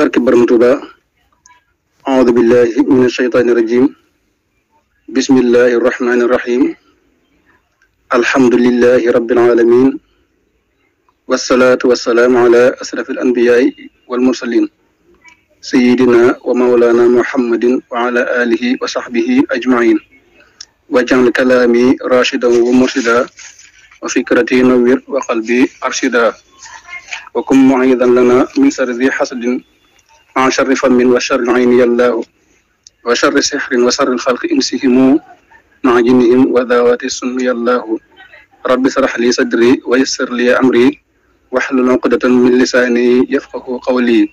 بارك برم أعوذ بالله من الشيطان الرجيم بسم الله الرحمن الرحيم الحمد لله رب العالمين والصلاة والسلام على أسرف الأنبياء والمرسلين سيدنا ومولانا محمد وعلى آله وصحبه أجمعين وجعل كلامي راشدا ومرشدا وفكرتي نوير وقلبي أرشدا وكن معيذا لنا من سر حسد عن شر فم وشر عين يلاه وشر سحر وشر الخلق إنسهم معجنهم وذوات السن يلاه رب اشرح لي صدري ويسر لي أمري واحلل عقدة من لساني يفقه قولي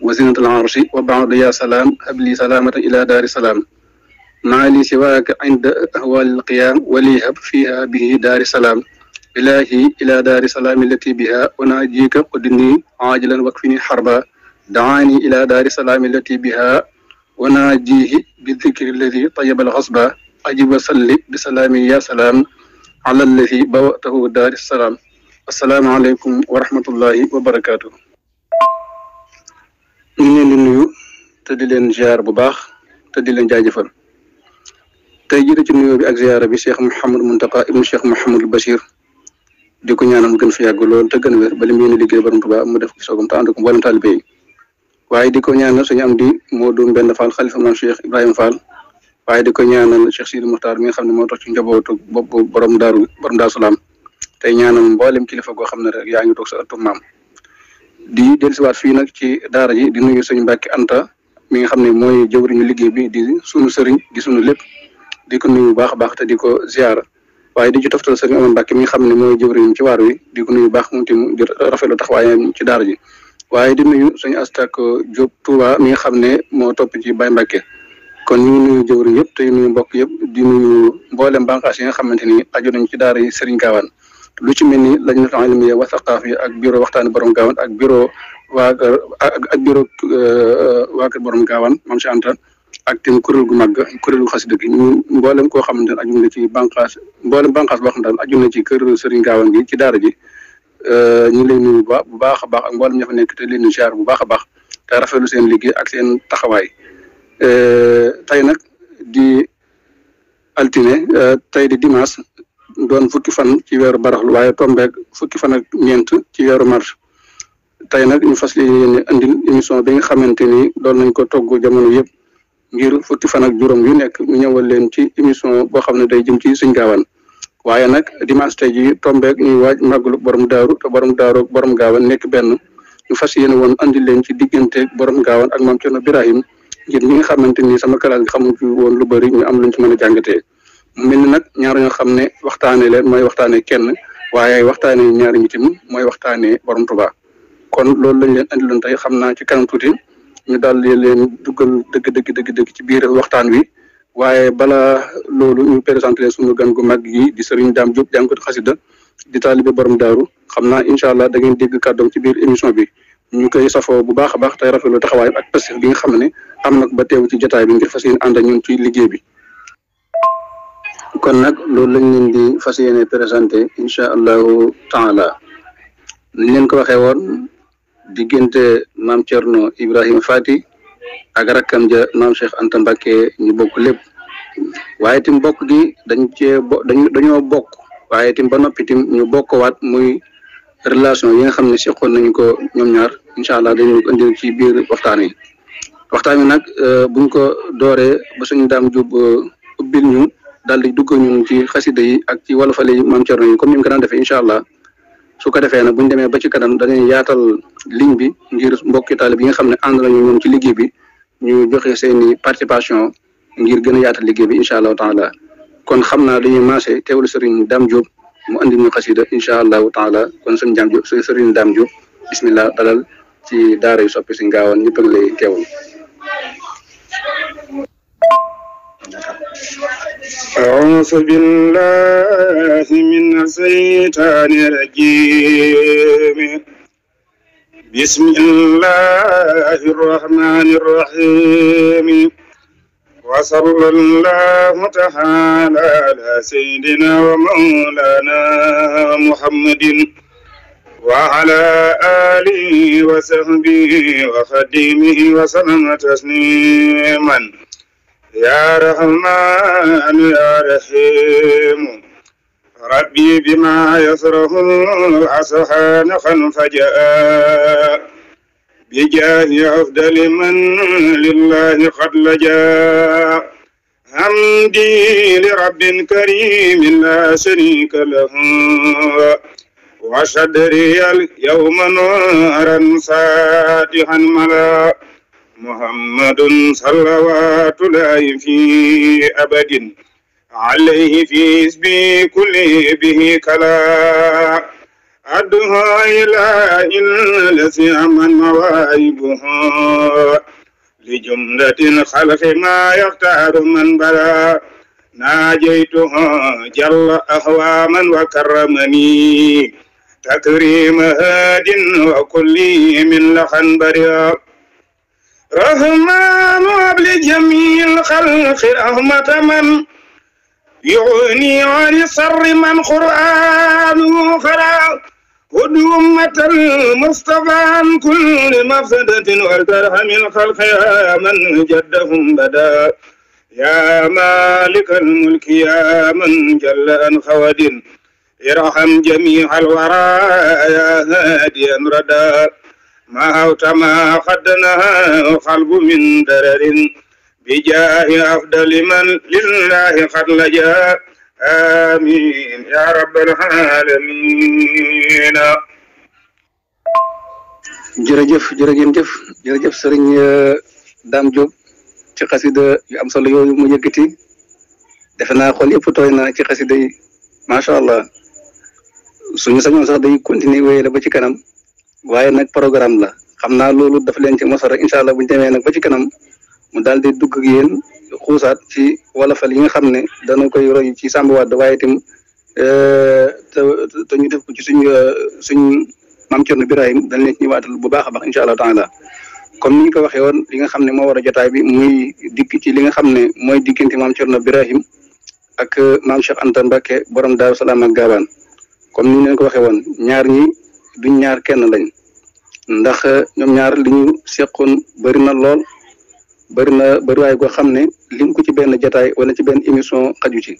وزينة العرش وبعد يا سلام هب لي سلامة إلى دار سلام ما لي سواك عند أهوال القيام ولي هب فيها به دار سلام إلهي إلى دار سلام التي بها وناجيك قدني عاجلا واكفني حربا دعاني إلى دار السلام التي بها وناجيه بالذكر الذي طيب الغصب أجب وسلم بسلام يا سلام على الذي بوأته دار السلام السلام عليكم ورحمة الله وبركاته من النيو تدلين جار بباخ تدلين جاجفر تجد النيو بأك زيارة بشيخ محمد منتقى ابن شيخ محمد البشير ديكو نيانا مكن فيها قلون تغنوير بل مين اللي قلبر مبا مدفك سوكم تاندكم ولن تالبين waaye di ko ñaanal suñu am di moo doon benn Fall xalifa maam Cheikh Ibrahima Fall waaye di ko ñaanal Cheikh Sidi Muxtaar mi nga xam ne moo tax ci njabootu bopp borom daaru borom Daaru Salaam tey ñaanal mboolem kilifa xam ne rek yaa ngi toog sa di maam di dellusiwaat fii nag ci daara ji di nuyu suñu mbaak Anta mi nga xam ne mooy jëwriñu liggéey bi di sunu sëriñ di sunu lépp di ko nuyu bu baax a baax te di ko ziar waaye di ci toftal sëriñ Amadou Mbàkke mi xam ne mooy jëwriñu ci waar wi di ko nuyu baax moom itam rafetlu taxawaayam ci daara ji waaye di nuyu suñu astak Diop uh, Touba mi nga xam ne moo topp ci Baye kon ñu ngi nuyu jëwriñ yëpp te nuyu mbokk yëpp di nuyu mboolem bànqaas yi nga xamante ni aju nañ ci daara yi Serigne Gawane lu ci mel ni lajnatul ilmiya wa ak bureau waxtaani borom Gawane ak bureau waa ak bureau uh, waa kër borom Gawane Mame Cheikh Anta ak tim kuréel gu màgg kuréel gu xasida mboolem koo xamante ne na ci bànqaas mboolem bànqaas boo xam ne aju na ci kër Serigne Gawane gi ci daara ji Euh, ñu ngi leen nuyu bu baax a baax ak mboolem ña nekk te leen nuyu ziar bu baax a baax te rafetlu seen liggéey ak seen taxawaay euh, tey nag di altine euh, tey di dimanche doon fukki fan ci weeru baraxlu waaye tombeeg fukki fan ak ñeent ci weeru mars tey nag ñu fas yéene andil émission bi nga xamante ni doon nañ ko togg jamono yëpp ngir fukki fan ak juróom yu nekk ñu ñëwal leen ci émission boo xam ne day jëm ci Sëñ Gaawaan waaye nag dimanche tey jii tombeek ñuy waaj màggalu borom daaru te borom daaru ak borom gaawan nekk benn ñu fas yéene woon andi leen ci digganteeg borom gaawan ak maam Cerno Birahim ngir ñi nga xamante ni sama kalaas gi xamuñ woon lu bëri ñu am luñ ci mën a jàngatee mel ni nag ñaar ñoo xam ne waxtaane leen mooy waxtaane kenn waaye waxtaane ñaari ñi tamit mooy waxtaane borom Tuubaa kon loolu lañ leen andiloon tey xam naa ci kanam tuuti ñu daal leen duggal dëgg dëgg dëgg dëgg ci biir waxtaan wi waaye bala loolu ñu présenté suñu gan gu mag yi di Serigne Dame Diop jànkatu xasida di taalibe borom daaru xam naa incha allah da ngeen dégg kàddoom ci biir émission bi ñu koy safoo bu baax a baax te tey rafetlu taxawaay ak pasif bi nga xam ne am na ba teew ci jotaay bi ngir fas yéene ànd ak ñun ci liggéey bi. kon nag loolu lañ leen di fas yéene présenté incha allahu taala ni leen ko waxee woon diggante maam Thierno Ibrahima ak rakkam ja maam Cheikh Anta ñu bokk lépp waaye tim bokk gi dañ cee dañoo bokk waaye tim ba noppi ñu ñu waat muy relation yi nga xam ne seqoon nañu ko ñoom ñaar incha allah dañu ko ci biir waxtaan yi waxtaan wi nag euh, buñ ko dooree ba suñu daam jub euh, ubbil ñu daal di dugg ñun ci xasida yi ak ci walafale yi maam Cerno yi comme ni mu ko daan defee incha allah. su ko defee nag bu ñu demee ba ci kanam danañ yaatal ligne bi ngir mbokki taalib bi nga xam ne ànd ñu ñoom ci liggéey bi ñu joxe seeni participation ngir gën a yaatal liggéey bi incha allahu taala kon xam na dañuy maase teewlu sëriñ Dame Diop mu andi ñu xasida incha allahu taala kon sëriñ Dame Diop sëriñ Dame Diop bismillah dalal ci daara yu soppi si ngaawoon ñëpp ak lay teewlu أعوذ بالله من الشيطان الرجيم بسم الله الرحمن الرحيم وصلى الله تعالى على سيدنا ومولانا محمد وعلى آله وصحبه وخديمه وسلم تسليما يا رحمن يا رحيم ربي بما يصرفون أصحان خنفجاء بجاه أفضل من لله قد لجأ حمدي لرب كريم لا شريك له وشدري اليوم نورا فاتحا ملا محمد صلوات الله في أبد عليه في اسمي كله به كلا أدها إلى لسي أمن موائبها لجملة خلف ما يختار من بلا ناجيتها جل أهواما وكرمني تكريم هاد وكل من لخن بريق رحمن أب لجميع الخلق رحمة من يغني عن سر من قرآن خراب هد أمة المصطفى عن كل مفسدة وترحم الخلق يا من جدهم بدا يا مالك الملك يا من جل أن خود ارحم جميع الورى يا هاديا ردا ما أوت ما خدنها القلب من درر بجاه أفضل من لله قد لجا آمين يا رب العالمين jërëjëf jërëgeen jëf jërëjëf sëriñ Dame Diop ci xasida yu am solo yooyu mu yëkkati defe naa xool yëpp na ci xasida yi macha allah suñu sañoon sax day continuer wéyale ba ci kanam waaye nag programme la xam naa loolu daf leen ci mos rek incha allah bu ñu demee nag ba ci kanam mu daal di dugg ak yéen xuusaat ci wolofal yi nga xam ne dana koy roy ci Samba Wade waaye itam euh, te te ñu def ko ci suñu euh, suñu maam Thierno Birahim dañ leen ci ñëwaatal bu baax a baax incha allah taala comme ni ñu ko waxee woon li nga xam ne moo war a jotaay bi muy dikk ci li nga xam ne mooy diggante maam Thierno Birahim ak euh, maam Cheikh Anta Mbacke borom Daaru Salaam ak Gaabaan comme ni ñu leen ko waxee woon ñaar ñi. duñ ñaar kenn lañ ndax ñoom ñaar liñu ñu seqoon bëri na lool bëri na bëriwaay goo xam ne liñ ko ci benn jataay wala ci benn émission xaju ci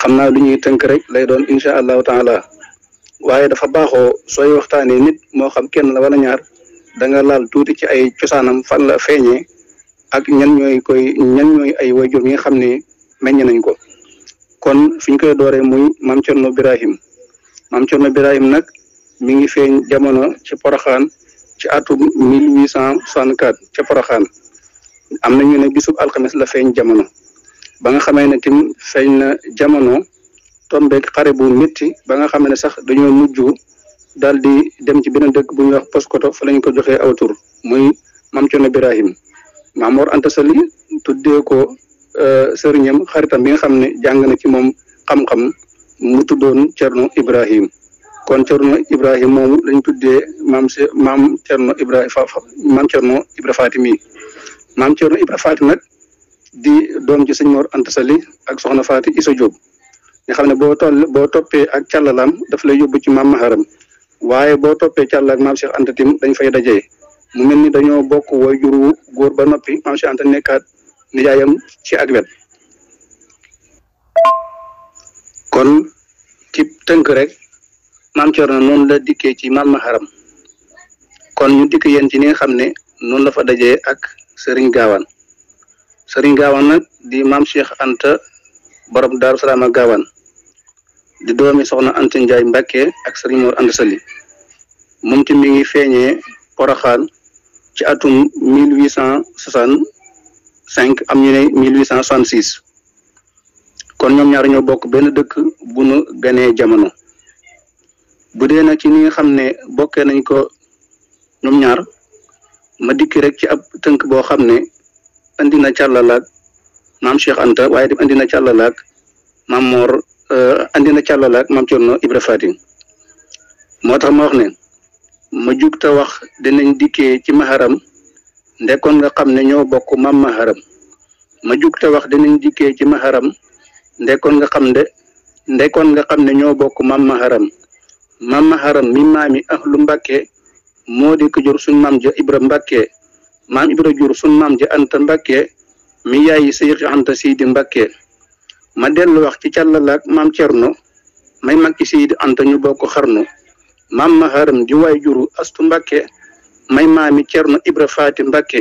xam naa lu ñuy tënk rek lay doon incha allahu taala waaye dafa baaxoo sooy waxtaanee nit moo xam kenn la wala ñaar da nga laal tuuti ci ay cosaanam fan la feeñee ak ñan ñooy koy ñan ñooy ay wayjur yi nga xam ne meññ nañ ko kon fiñ ñu koy dooree muy maam Cerno Birahim maam Cerno Birahim nag mi ngi feeñ jamono ci poroxaan ci atum 1864 ci poroxaan am na ñu ne bisub alxames la feeñ jamono ba nga xamee ne tim feeñ na jamono tombe xare bu metti ba nga xamee ne sax dañoo mujj daal di dem ci benn dëkk bu ñuy wax poskoto fa lañ ko joxee aw tur muy mam coono birahim mamor anta sali tuddee ko euh, sëriñam xaritam bi nga xam ne jàng na ci moom xam-xam mu tuddoon cerno ibrahim kon Cerno Ibrahima moomu lañ tuddee maam se maam maam Cerno Ibra Faati mii maam Cerno Ibra nag di doom ji sëñ Mor Anta Sali ak soxna Faati Isa Jóob nga xam ne boo toll boo toppee ak càllalaam daf lay yóbbu ci maam Maharam waaye boo toppee càlla ak maam Cheikh Anta dañ fay dajee mu mel ni dañoo bokk way góor ba noppi maam Cheikh Anta nekkaat ci ak ci tënk rek maam Cerno noonu la dikkee ci maam Maharam kon ñu dikk yen ci ni nga xam ne noonu la fa dajee ak sëriñ gaawaan sëriñ gaawaan nag di maam Cheikh Anta borom Daaru Salaam gaawaan di doomi soxna Anta Njaay Mbàkke ak sëriñ Mor Anta Sali moom ci mi ngi feeñee Poroxaan ci atum mille huit cent am ñu ne mille kon ñoom ñaar ñoo bokk benn dëkk bu nu ganee jamono bu dee nag ci ni nga xam ne bokkee nañ ko ñoom ñaar ma dikki rek ci ab tënk boo xam ne andi na càllalaak maam Cheikh Anta waaye di andi na càllalaak maam Mor euh, andi na càllalaak maam Thierno Ibra Fatim moo tax ma wax ne ma jug te wax dinañ dikkee ci maharam ndekkoon nga xam ne ñoo bokk maam maharam ma jug te wax dinañ dikkee ci maharam ndekkoon nga xam ne ndekkoon nga xam ne ñoo bokk maam maharam maam maharam mi maami ahlu mbàkke moo di ko jur suñ maam ja ibra mbàkke maam ibra jur suñ maam ja anta mbàkke mi yaayi sayxi anta seydi mbàkke ma dellu wax ci càllalaak maam cerno may mag ci seydi anta ñu bokk xarnu maam maharam di waay juru astu mbake may maami cerno ibra faati mbake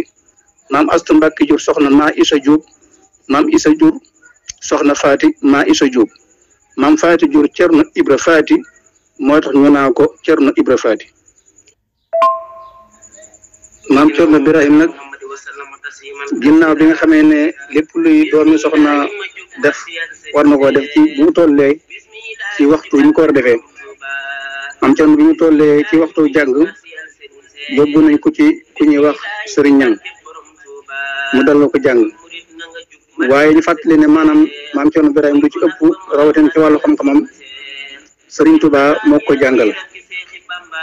maam astu mbàkke jur soxna maa isa jóob maam isa jur soxna faati maa isa jóob maam faati jur cerno ibra faati moy tax ñu na ko Cerno Ibra fadi mam Cerno ibrahim nak ginnaw bi nga xamé né lepp luy doomi soxna def war na ko def ci bu tollé ci waxtu ñu ko defé am Cerno bi ñu tollé ci waxtu jang yóbbu nañ ko ci ku ñi wax serigne Ñang mu dal ko jang waye ñu fatali ne manam mam Cerno ibrahim du ci ëpp rawatina ci walu xam-xamam sëriñ Tuubaa moo ko jàngal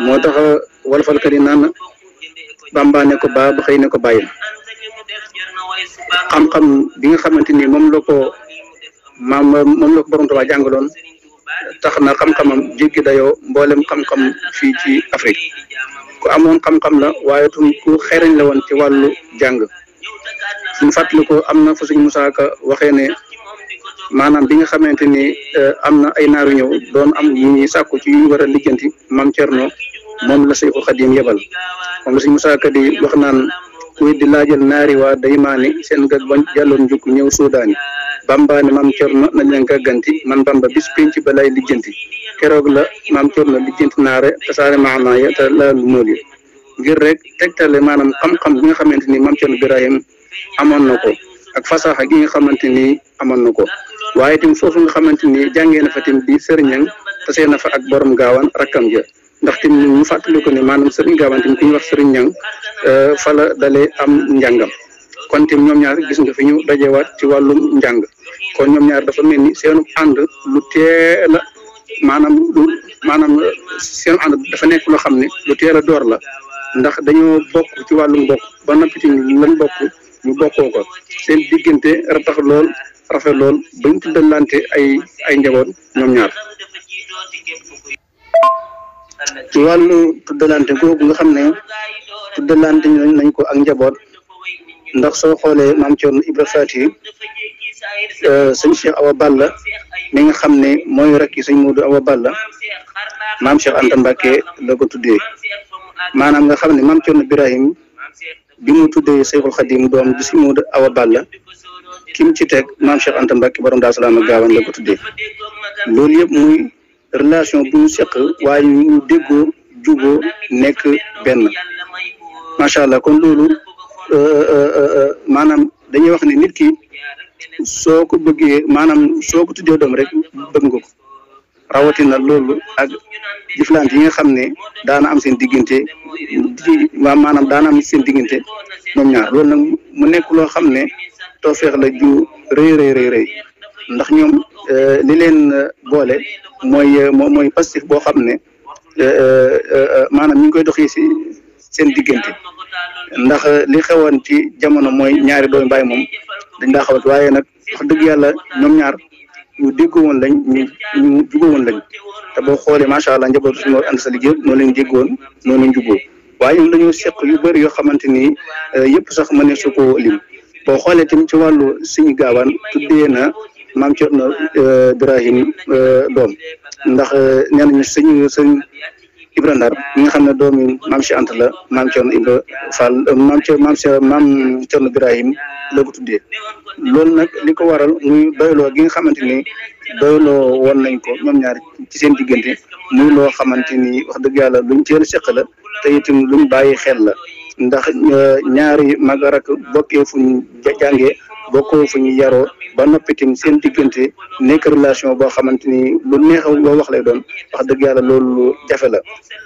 moo tax walfalkat yi naan Bàmba ne ko baa ba xëy ne ko bàyyi xam-xam bi nga xamante ni moom la ko maam moom la ko borom Tuubaa jàngaloon tax na xam-xamam jéggi dayoo mboolem xam fii ci Afrique ku amoon xam-xam la waaye tam ku xereñ la woon ci wàllu jàng suñ fàttali ko am na fu suñ Musaa Ka waxee ne maanaam bi nga xamante ni euh, am na ay naaru ñëw doon am ñu ñuy ci yu ñu war a lijjanti maam Thierno moom la Seexu Xadim yebal moom la si Musaa Ka di wax naan kuy di laajal naari waa daymaani sen gag ba jàlloon njukk ñëw Suudaani bambaane maam Thierno nañ leen gàgganti man bamba bis penc ba lay lijjanti keroog la maam Thierno lijjanti naare tasaare maanaa ya te laalu mool yi ngir rek tegtale maanaam xam-xam bi nga xamante ni maam Thierno Birahim amoon na ko ak fasaxa gi nga xamante ni amoon na ko waye tim fofu nga xamanteni ni na fa tim bi sëriñ ta tasee na fa ak borom gawan rakam ja ndax tim ñu fatali ko ne manam sëriñ gawan tim ku ñu wax sëriñ euh fa la am njangam kon tim ñom ñaar gis nga fi ñu wat ci wàllum njang kon ñom ñaar dafa melni seenu and lu téla manam lu manam euh, seenu and dafa nekk loo xamni lu téla dor la ndax dañoo bokk ci wàllum bokk ba nopi tim lañ bokk ñu bokko ko seen ra tax lool rafet lool ba ñu tuddalante ay ay njaboot ñoom ñaat ci wàllu tuddalante googu nga xam ne tuddalante ñooñ nañ ko ak njaboot ndax soo xoolee maam Thierno Ibra Faty euh, sëñ Cheikh Awa Balla mi nga xam ne mooy rek yi sëñ Modou Awa Balla maam Cheikh Anta Mbacke la ko tuddee maanaam nga xam ne maam Thierno Ibrahim bi mu tuddee Seyxul Xadim doom bi sëñ Modou Awa Balla kim ci teg maam Cheikh Anta Mbacke borom daa salaam ak gaawan la ko tuddee loolu yëpp muy relation bu ñu seq waaye ñu déggoo juboo nekk benn macha allah kon loolu euh, euh, euh, maanaam dañuy wax ne nit ki soo ko bëggee maanaam soo ko tuddee doom rek bëgg nga ko. rawatina loolu ak jëflante yi nga xam ne daana am seen diggante di maanaam daana am seen diggante ñoom ñaar loolu nag mu nekk loo xam ne toofeex la ju rëy rëy rëy rëy ndax ñoom euh, li leen euh, boole mooy euh, mooy passif boo xam ne maanaam ñu ngi koy doxee si seen diggante ndax li xewoon ci jamono mooy ñaari doomi baay moom dañ daa xamante waaye nag wax dëgg yàlla ñoom ñaar ñu déggoo woon lañ ñu ñu juboo woon lañ te boo xoolee macha allah njabootu suñu ànd sa liggéey noonu lañ déggoon noonu lañ juboo waaye ñun dañoo seq yu bëri yoo xamante ni euh, yëpp sax ma ne su ko lim boo xoolee tamit ci wàllu suñu gaawaan tuddee na maam Cerno euh, Birahim euh, doon ndax nee nañu sëñ sëñ Ibra Ndar mi nga xam ne doomi maam Cheikh Anta la maam Thierno Ibra Fall euh, maam Thierno maam Cheikh maam Thierno Ibrahim la ko tuddee loolu nag li ko waral muy doyloo gi nga xamante ko ñoom ñaar ci seen diggante muy loo xamante ni wax dëgg yàlla luñ teel seq la te itam luñ bàyyi xel la ndax euh, ñaari mag a rakk bokkee fuñ bokkoo fu ñu yaroo ba noppi tamit seen diggante nekk relation boo xamante ni lu neexaw loo wax lay doon wax dëgg yàlla loolu jafe la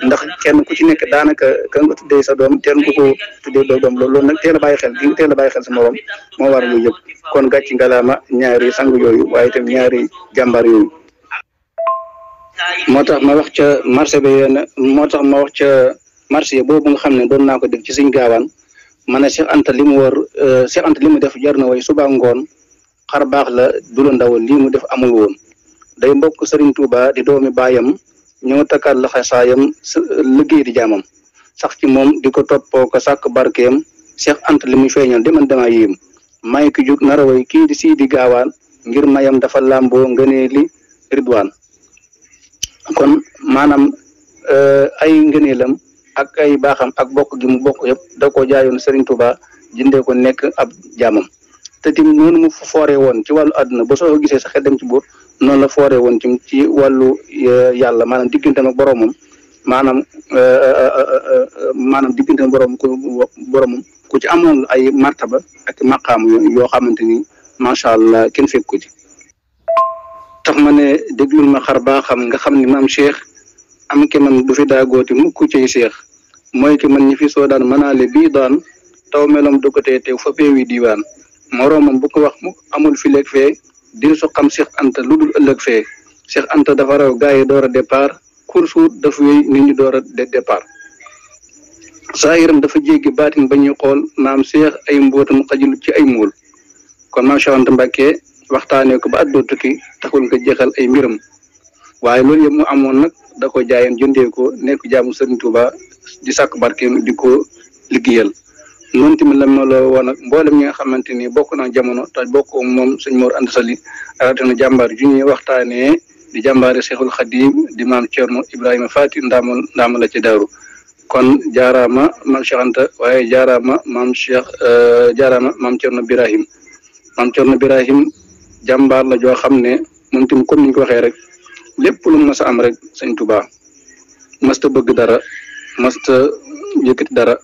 ndax kenn ku ci nekk daanaka ka nga tuddee sa doom ten nga ko tuddee doom loolu nag teel a bàyyi xel di teel bàyyi xel sa morom moo war yooyu yëpp kon gàcci ngalaama ñaari sang yooyu waaye itam ñaari jàmbaar yooyu moo tax ma wax ca marché ba moo tax ma wax ca marché boobu nga xam ne doon naa ko def ci suñ gaawaan mané cheikh anta limu war cheikh eh, anta limu def jarna way suba ngon xar bax la du ndaw limu def amul won day mbokk Serigne Touba di doomi bayam ñoo takal la xassayam liggey di jamam sax ci mom diko topo ko sak barkeem cheikh anta limu feñal feeñal man dama yim may ki juk nara way ki di sidi gawan ngir mayam dafa lambo ngeneeli ridwan kon maanaam eh, ay ngeneelam ak ay baaxam ak bokk gi mu bokk yëpp da ko jaayoon Serigne Touba jëndee ko nekk ab jaamam te dim noonu mu foore woon ci wàllu àdduna ba soo gisee sa xel dem ci buur noonu la foore woon ci ci wàllu eh, yàlla maanaam digganteem ak boromam maanaam eh, eh, maanaam digganteem borom ku boromam ku ci amoon ay martaba ak maqaam yoo xamante ni macha allah kenn fekk ko ci. ma ne déglul ma xar baa xam nga xam ni maam Cheikh. am ki man bu fi daagooti mukk ciy seex mooy ki man ñi fi soo daan mënaale bii daan taw melom du ko tee teew fa peewi diiwaan moroomam bu ko wax mukk amul fi leeg fee di su xam Cheikh Anta lu dul ëllëg fee Cheikh Anta dafa raw gars yi door a départ kursuut dafa wéy nit ñu door a départ saa yaram dafa jéggi baatin ba ñuy xool naam seex ay mbootam xajul ci ay muul kon maam Cheikh Anta waxtaanee ko ba àddoo tukki taxul nga jeexal ay mbiram waaye loolu yëpp mu amoon nag da ko jaayeen jëndee ko nekk jaamu Sëriñ Tuuba di sàkk barkeem diko ko liggéeyal noonu tamit la ma loo woon nag mboolem ñi nga xamante ni bokk na jamono te bokk moom sëñ Mor Anta Sali a rawatina jàmbaar ju ñuy waxtaanee di jàmbaare Seexul Xadiim di maam Thierno Ibrahima Faty ndaamal ndaamal la ci daaru kon jaaraama maam Cheikh Anta waaye jaaraama maam Cheikh euh, jaaraama maam Thierno Birahim maam na Birahim jàmbaar la joo xam ne moom tamit comme ni ñu ko waxee rek. lépp lu mas am rek sëñ Tuubaa masta bëgg dara masta yëkkati dara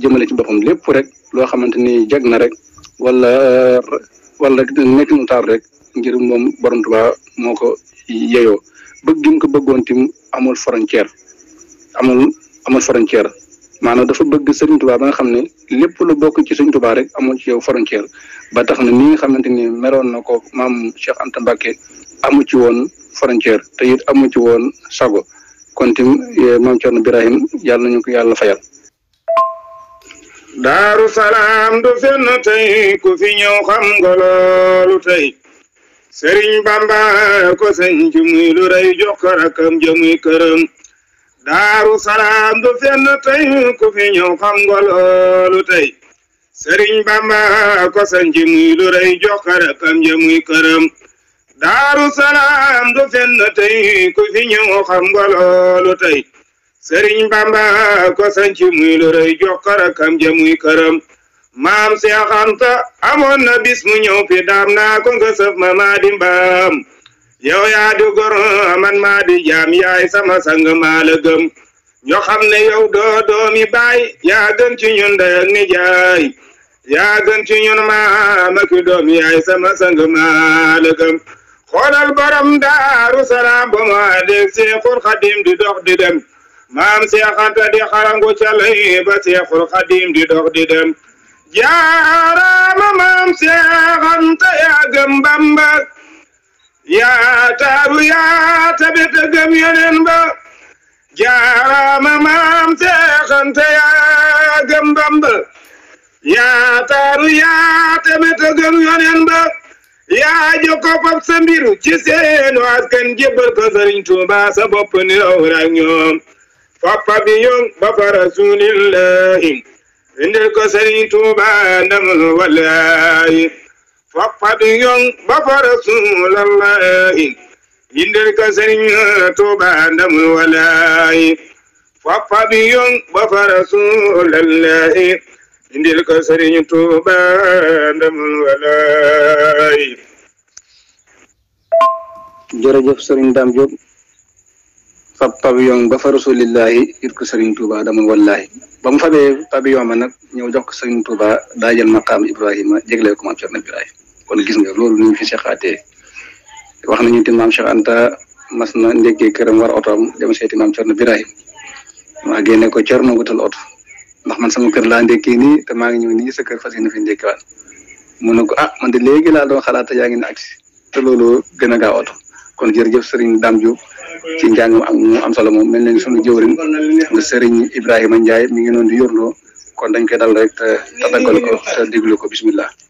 jëmale ci boppam lépp rek loo xamante ni jag na rek wala wala nekk nu taar rek ngir moom borom Tuubaa moo ko yeyoo bëgg ko bëggoon tim amul frontière amul amul frontière maanaam dafa bëgg sëriñ Tuubaa ba nga xam ne lépp lu bokk ci sëriñ Tuubaa rek amul ci yow frontière ba tax na ni nga xamante ni meroon na ko maam Cheikh Anta Mbacke amu ci woon frontière te it amu ci woon sago kon tim e, maam Cerno Birahim yàlla nañu ko yàlla fayal daaru salaam du fenn tey ku fi ñëw xam nga loolu tey sëriñ bamba ko sëñ ci muy lu rey jox ko jëmuy këram daaru salaam du fenn tey ku fi ñëw xam nga loolu tey sëriñ bamba ko sëñ ci muy lu rey jox ko jëmuy këram daaru salaam du fenn tey ku fi ñëw xam nga loolu tey sëriñ bamba ko sanci muy lu rëy jox karakam ja muy këram maam Seex Anta amoon na bis ñëw fi naa ko nga ma maa mbaam yow yaa di gor man maa jaam yaay sama sang maa la gëm ñoo xam doo doomi baay yaa gën ci ñun ndey ak jaay yaa gën ci ñun maam ak doom yaay sama sang maa la xolal borom daaru salaam ba ma def seexul xadim di dox di dem maam seexanta di xarangu calay ba seexul xadim di dox di dem jaaraama maam seexanta yaa gëm bamba ya taaru yaa tabit gëm yeneen ba jaaraama maam seexanta yaa bamba ya taaru yaa tabit gëm yeneen ba yaa jokko fab sa mbiru ci seenu askan jébbal ko sëriñ Tuuba sa bopp ni raw rak ñoom fappa bi yoon ba fa rasulillahi indil ko sëriñ Tuuba ndam wallahi fappa bi yoon ba fa rasulillahi indil ko sëriñ Tuuba ndam wallahi fappa bi yoon ba fa rasulillahi indil ko serigne touba demul walay jere jeuf serigne dam job fab pavillon ba fa rasulillah it ko touba demul walay bam fa be fabee pavillon ma nak ñew jox serigne touba dajal maqam Ibrahima jeglé ko mam Cheikh ibrahim kon gis nga lolu ñu fi xexate wax nañu tim mam Cheikh Anta masna ndeke kërëm war otom dem seeti maam Cheikh ibrahim ma génne ko Thierno wutal otom ndax man sama kër laa ndékkee nii te maa ni ñëw nii sa kër fas yéene fi a mu ne ko a ah, man de léegi laa doon xalaat te yaa ngi ne agsi te loolu gën a gaaw kon jërëjëf Serigne Dame Diop ci njàngam am am solo moom mel na ni sunu jëwriñ nga Serigne Ibrahima mi ngi noonu di yorloo kon dañ koy dal rek ta tàggal ko te déglu ko bismillah